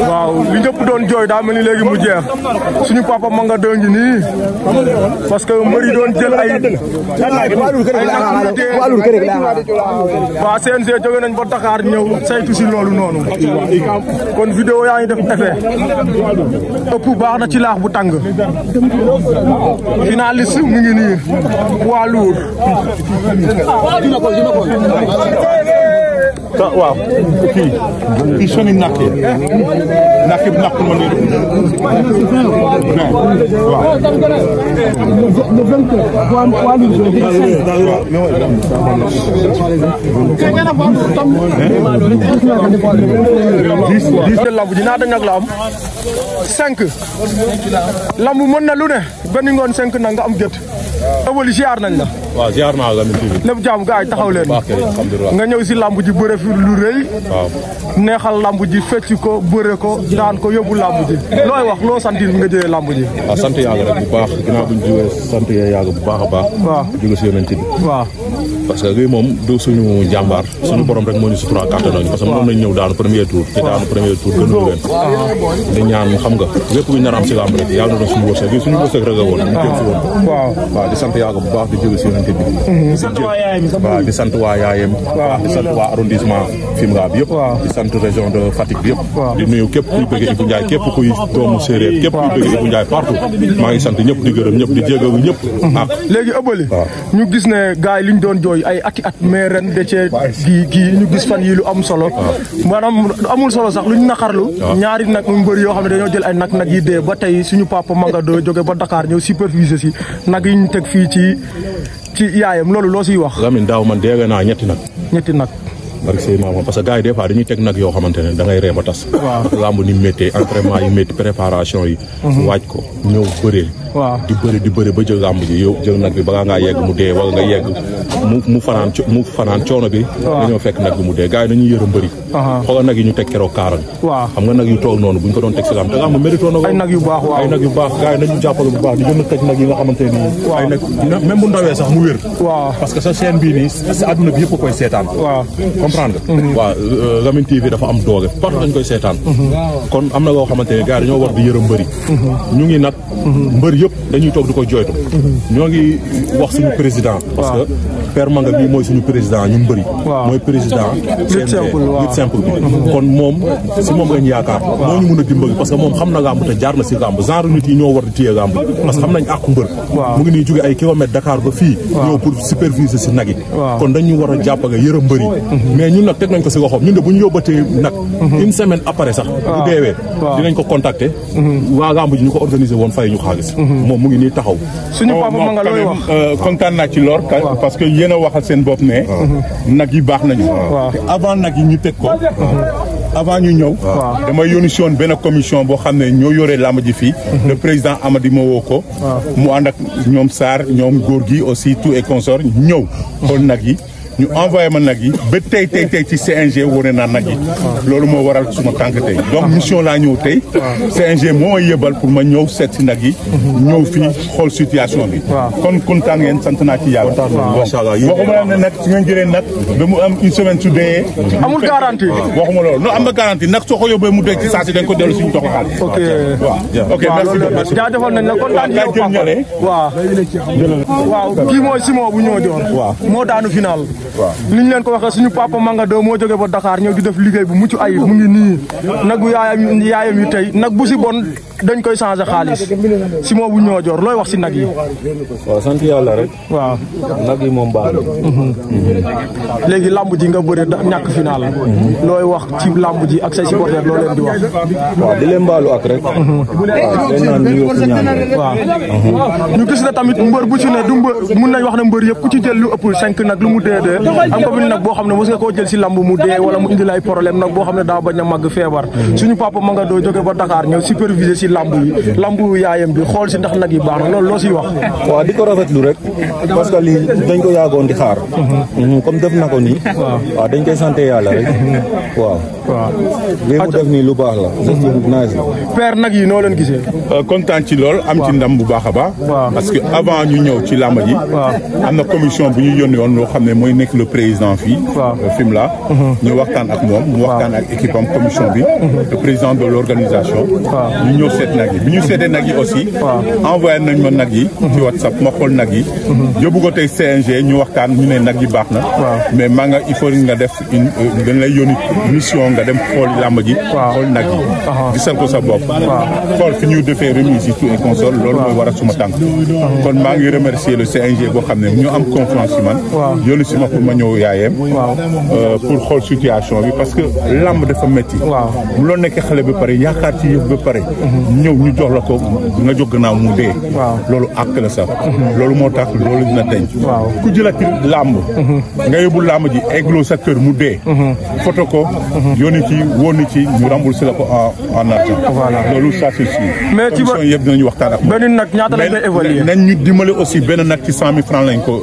waaw li ñëpp doon jooy daa mel ni léegi mu jeex suñu papa ma nga dëng nii parce que mbër yi doon jël ay waa CNG jóge nañ ba Dakar ñëw saytu si loolu noonu kon vidéo yaa ngi def effet ëpp baax na ci laax bu tàng finaliste mu ngi nii poids waaw kii kii soni nakk yi nakk bi nakk ma nii waaw le vingt dix dix de lamb ji ñaata nag la am cinq lamb mën na lu ne benn ngoon cinq na nga am gét Obeuly ziar nañ la. waaw ziar naa la Lamyn TV. lépp jàmm gars yi taxaw leen. nga ñëw si lamb ji bëre fi lu rëy. waaw neexal lamb ji fecci ko bëre ko daan ko yóbbu lamb ji looy wax loo sant nga jëlee lamb ji. a sant yàlla rek bu baax ginnaaw bu ñu sant yàlla bu baax a baax. waaw jóge si yonent bi waaw. parce que Guy moom du suñu jàmbaar suñu borom rek parce que premier tour premier tour gënu leen di ñaan xam nga lépp lu nar am lamb rek yàlla na suñu wërsëg yi suñu wërsëg rek a ñu jëm si waaw waaw di sant yàlla bu baax di jóge si yonente bi mhm. waaw di sant waa yaayam di sant waa arrondissement bi yëpp di sant région de fatik bi yëpp di nuyu képp kuy bëgg Ibou Ndiaye képp kuy doomu séeréer képp kuy bëgg Ibou Ndiaye partout maa ngi sant ñëpp di gërëm ñëpp di ñëpp mhm. ak ñu gis gaay liñ doon yooyu ay ati at mais ren de cee gi gii ñu gis fan yi lu am solo ah. maanaam amul solo sax lu ñu luñ naqarlu ah. ñaari nag mbër yoo xam ne dañoo jël ay nag nag yi dee ba tey suñu papa a doo joge ba dakaar ñëw superviser si nag yi ñu teg fii ci ci yaayam loolu loo siy wax Lamine daaw man dégg naa ñetti nag ñetti nag barke say maama parce que gars yi des fois dañuy teg nag yoo xamante ne da ngay ree ba tas lamb ni méttee entraînement yi métti préparation yi mhm. waaj ko ñëw bëree di bëri di bëri ba jël làmb ji yow jël nak bi ba nga yegg mu dee wala nga yegg mu mu fanaan mu fanan choono bi dañu fekk nak bi mu dee gaay dañu nañuy yërëm xol nak yi ñu tek kéro kaaral xam nga nak yu mhm. tok nonu buñ ko don tek ci làmb te làmb méritoon na ay nak yu baax ay nak yu baax gaay nañu bu baax di gëna tek nak yi nga xamanteni ay nak même bu ndawé sax mu wër parce que sa chaîne bi ni ci aduna bi yëpp koy sétan comprendre wa Lamyn TV dafa am doge partout dañ koy sétan kon amna lo xamanteni gaay dañu war di yërëm bëri ñu ngi nak mbër yëpp dañuy toog di ko jooytu ñoo ngi wax suñu président parce que père Manga mii mooy suñu président ñun bëri mooy président a parce que moom xam na gàmb te jaar na si gàmb genre nit ñoo war di téye gàmb parce que xam nañ àqu mbër mu ngi nii jóge ay kilomètres Dakar ba fii ñëw pour superviser si nag yi kon dañu war a jàppale yërëm mbër mais ñun nag teg nañ ko si loxoom ñun de bu ñu yóbbatee nag une semaine après sax bu deewee dinañ ko contacter waa gàmb Mhm. moom mu ngi nii taxaw. suñu oh, papa ma nga looy wax euh, kontaan naa ci parce que yéen a waxal seen bopp ne. Mhm. nag yi baax nañu. te avant nag yi ñu teg ko. avant ñu ñëw. damay yoonu si woon benn commission boo xam ne ñoo yore làmb ji fii. Mhm. le président Amady ma woo ko. mu ànd ak ñoom Sarr ñoom góor gi aussi tout et consort ñëw. xool nag yi. ñu envoyé ma nag yi ba tey tey tey ci CNG wane naa nag yi loolu moo waral suma tànk tey donc mission laa ñëw tey CNG moo may yëbal pour ma ñëw seet si nag yi ñëw fii xool situation bi kon kontaan ngeen sant naa ci yàlla waxuma la ne nag si ngeen jëlee nag ba mu am une semaine su dee amul garantie waxuma loolu non am na garantie nag soo ko yóbbee mu dee ci saa si dañ ko dellu suñu jox xaalis ok waaw ok merci jaajëfal nañ la kontaan yow Papa waaw kii mooy Simon bu ñëw door moo daanu final niñ leen ko waxee suñu papa manga do moo jóge ba Dakar ñëw di def liggéey bu mucc ayib mu ngi nii nagu yaayam yaayam yi tey nag bu si bon dañ koy changer xaalis si moo bu ñoo jor looy wax si nag yi waaw sant yàlla rek waaw nag yi moom baax mhm. léegi lamb ji nga bëre ñàkk final looy wax ci lamb ji ak say supporter loo leen di wax wa di leen baalu ak rek mhm. waaw naan ñu yokk ñaan rek ñu gis na tamit mbër bu ci ne du mbër mun nañ wax ne mbër yëpp ku ci jël lu ëpp cinq nag lu mu dee wér am boobu nag boo xam ne mos nga koo jël si lamb mu dee wala mu indi lay problème nag boo xam ne daa bañ a màgg feebar mm-hmm. suñu papa ma nga doo jóge ba Dakar ñëw superviser si lamb yi lamb yaayam bi xool si ndax nag yi baax na loolu loo siy ko rafetlu rek parce que lii dañ ko yaagoon di xaar mm-hmm. Mm-hmm, comme def na yàlla rek waaw waaw lii la naaj la père nag yi noo leen gisee euh, kontaan a parce que avant ñu ñëw ci lamb ji am na commission bu ñu yónni woon loo xam ne mooy le président fii euh, FIMLA mhm. ñu waxtaan ak moom mu waxtaan ak équipe am commission bi mhm. le président de l'organisation ñu ñëw seet nag yi bi ñu seetee nag aussi envoyé nañ ma nag yi mhm. ci WhatsApp ma xool nag yi yóbbu ko tey CNG ñu waxtaan ñu ne nag baax na mais maa nga il faut nga def une euh, dañ lay yónni mission nga dem xool làmb ji xool nag yi gisal ko sa bopp xool fi ñu defee remise yi tout et console loolu mooy war a suma tànk kon maa ngi remercier le CNG boo xam ne ñu am confiance ci man yónni si ma pour ma ñëw yaayam. Euh, pour xool situation bi parce que làmb dafa métti. waaw mu loolu nekk xale ba pare yaakaar ci yëf ba pare. ñëw ñu jox la ko nga jóg gannaaw mu dee. loolu àkk la sax. loolu moo tax loolu dina denc. ku jëlati làmb. nga yóbbu làmb ji eggloo sa kër mu dee. foto ko. yónni ci wónni ci ñu remboursé la ko en en loolu ça c'est sûr. mais ci ba waxtaan ak moom. nañ ñu dimbale aussi benn nag ci cent mille francs ko.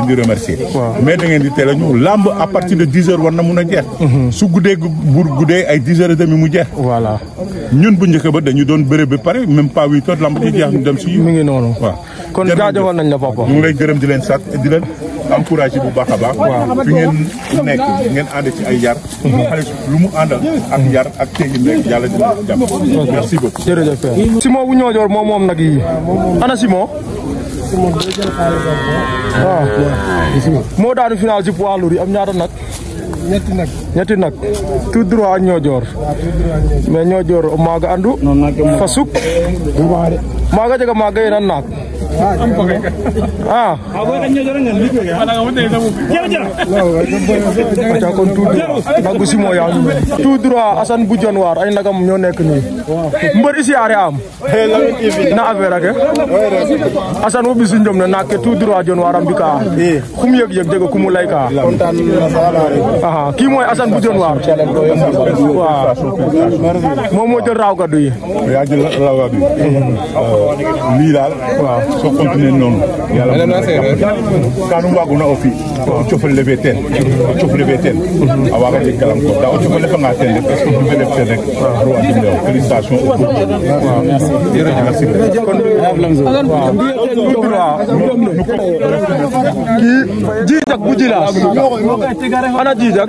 leen di da ngeen di teel a ñëw làmb à partir de dix heures war na mun a jeex mhm. su guddee bu guddee ay dix heures mu jeex voilà ñun bu njëkk ba dañu doon bëre ba pare même pas huit làmb ji jeex ñu dem si mi ngi noonu waaw kon jaajëfal nañ la papa ñu lay gërëm di leen sant di leen encouragé bu baax a baax fi ngeen nekk ngeen ànd ci ay yar mhm. xale lu mu àndal ak yar ak teegin rek yàlla dina jàpp merci beaucoup Simon bu ñoojoor moom moom nag yi ana Simon Ah, waaw. gis nga moo daanu final ci poids lourd yi am ñaata nag. ñetti nag. ñetti nag tout droit ak ñoojoor mais ñoojoor maaga andu fa maga maaga jega maaga yenan naak ah aca kon tout droit nagu tout droit asan bujan waar ay nagam ñoo nekk nii mbër i siyaare am na avera ke asan wo ɓisi njom ne naak ke tout droit jon waar bika mbi kaa xum yeg yeg jega kumu lay kaa aha kii mooy Assane bu Dionewar waaw moom moo jël raw gàddu yi. yaa jël euh, soo continué noonu. yàlla na kaanu waagu na o fi. o cofale be ten o cofale ten a waaga jeg a jiijak bu jilaas ana jiijak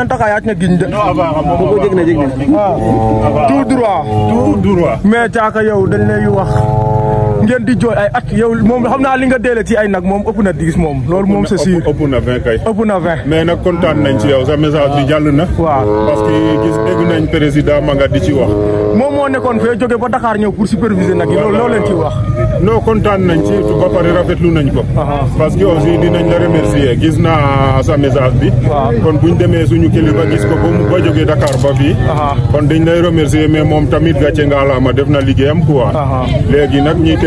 dan taxa yaac na giñ de bogo jeg na jeg ne tout droit tout droit mais caaka yow dañ lay wax ngeen di jooy ay at yow moom xam naa li nga deele ci ay nag moom ëpp na diis moom loolu moom c'est ëpp na vingt kay ëpp na nag kontaan nañ ci yow sa bi jàll na waaw gis dégg président Manga di ci wax moom moo nekkoon fee jóge ba Dakar ñëw pour superviser nag yi loolu loo leen ci wax non kontaan nañ ci ba pare rafetlu nañ ko parce que aussi dinañ la remercier gis na sa message bi kon buñ demee suñu kilifa gis ko ba mu ba jógee Dakar ba fii kon dañ mais moom tamit gàcce nga alaama def na liggéeyam quoi léegi nag ñi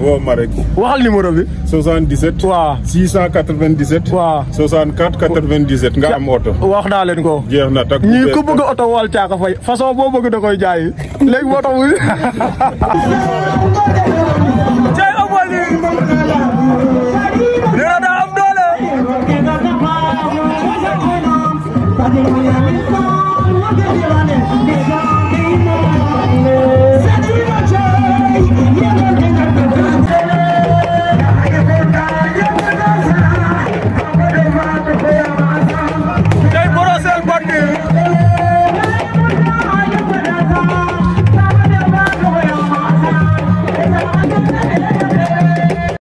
woo ma rek. waxal numéro bi. 77. waaw 697. waaw 64 97 nga am oto. wax naa leen ko. jeex na takk oto wal caaka fay façon boo bëgg koy jaay léegi moo tax muy. Thank you.